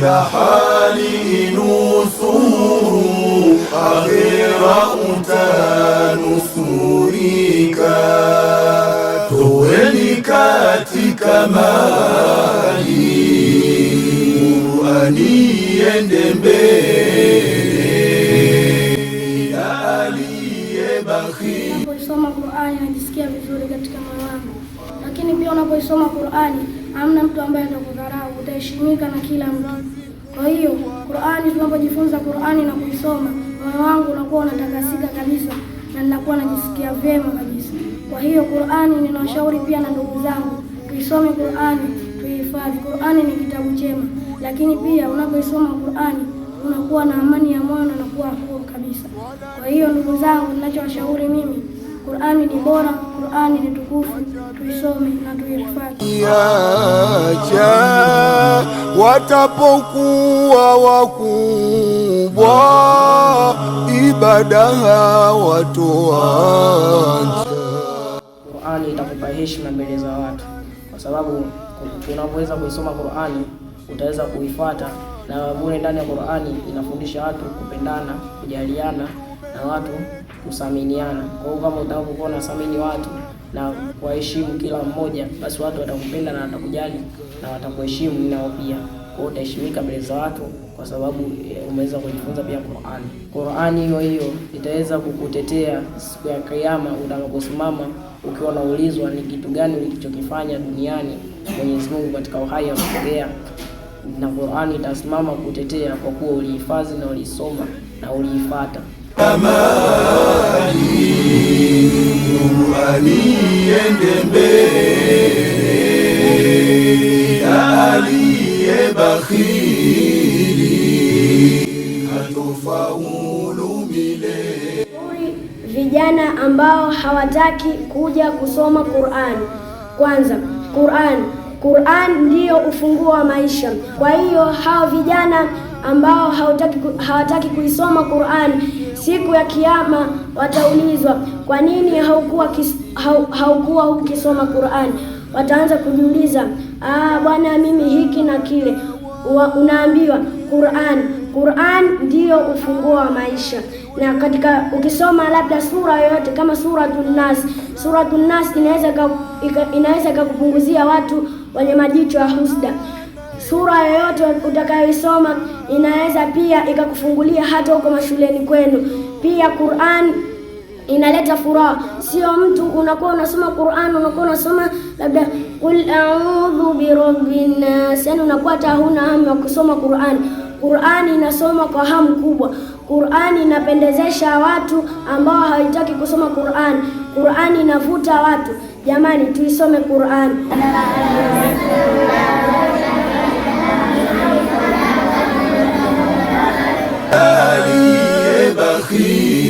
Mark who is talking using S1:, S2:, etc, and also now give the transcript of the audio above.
S1: Kila hali inusuru, akhera utanusurika. Toweni katika mali Qur'ani iende mbele. Kila aliyebaki
S2: unapoisoma Qur'ani anajisikia vizuri katika moyo wangu, lakini pia unapoisoma Qur'ani hamna mtu ambaye atakudharau, utaheshimika na kila mtu. Kwa hiyo Qur'ani, tunapojifunza Qur'ani na kuisoma, moyo wangu unakuwa unatakasika kabisa na ninakuwa najisikia vyema kabisa. Kwa hiyo Qur'ani ninawashauri pia na ndugu zangu tuisome Qur'ani, tuihifadhi Qur'ani. Ni kitabu chema, lakini pia unapoisoma Qur'ani unakuwa na amani ya moyo na unakuwa huru kabisa. Kwa hiyo ndugu zangu, ninachowashauri mimi Qur'ani ni bora, Qur'ani ni tukufu, tuisome na tuifuate.
S3: Acha watapokuwa wakubwa, ibada hawatoacha.
S4: Qur'ani itakupa heshima mbele za watu, kwa sababu unapoweza kuisoma Qur'ani utaweza kuifuata, na ndani ya Qur'ani inafundisha watu kupendana, kujaliana na watu kusaminiana. Kwa hiyo kama utakapokuwa unasamini watu na kuwaheshimu kila mmoja, basi watu watakupenda na watakujali na watakuheshimu nao pia. Kwa hiyo utaheshimika mbele za watu kwa sababu eh, umeweza kujifunza pia Qur'ani. Qur'ani hiyo hiyo itaweza kukutetea siku ya Kiyama utakaposimama ukiwa unaulizwa ni kitu gani ulichokifanya duniani Mwenyezi Mungu katika uhai akutokea na Qur'ani itasimama kutetea kwa kuwa ulihifadhi na ulisoma na uliifata.
S1: Aliende mbele, aliye bakhili milele.
S5: Vijana ambao hawataki kuja kusoma Qur'ani, kwanza Qur'ani Qur'an ndiyo ufunguo wa maisha. Kwa hiyo hao vijana ambao hawataki hawataki kuisoma Qur'an siku ya kiyama wataulizwa, kwa nini haukuwa kis, haukuwa ukisoma Qur'an? Wataanza kujiuliza, ah, bwana mimi hiki na kile. Unaambiwa Qur'an, Qur'an ndiyo ufunguo wa maisha na katika ukisoma labda sura yoyote kama suratu Nas, Suratul Nas inaweza inaweza ikakupunguzia watu wenye majicho ya husda. Sura yoyote utakayoisoma inaweza pia ikakufungulia hata huko mashuleni kwenu. Pia Qur'an inaleta furaha, sio mtu unakuwa unasoma Qur'an unakuwa unasoma labda qul a'udhu bi rabbin nas, yani unakuwa hata huna hamu ya kusoma Qur'an. Qur'ani inasoma kwa hamu kubwa. Qur'ani inapendezesha watu ambao hawataki kusoma Qur'ani. Qur'ani inavuta watu. Jamani, tuisome Qur'ani.
S1: Ali,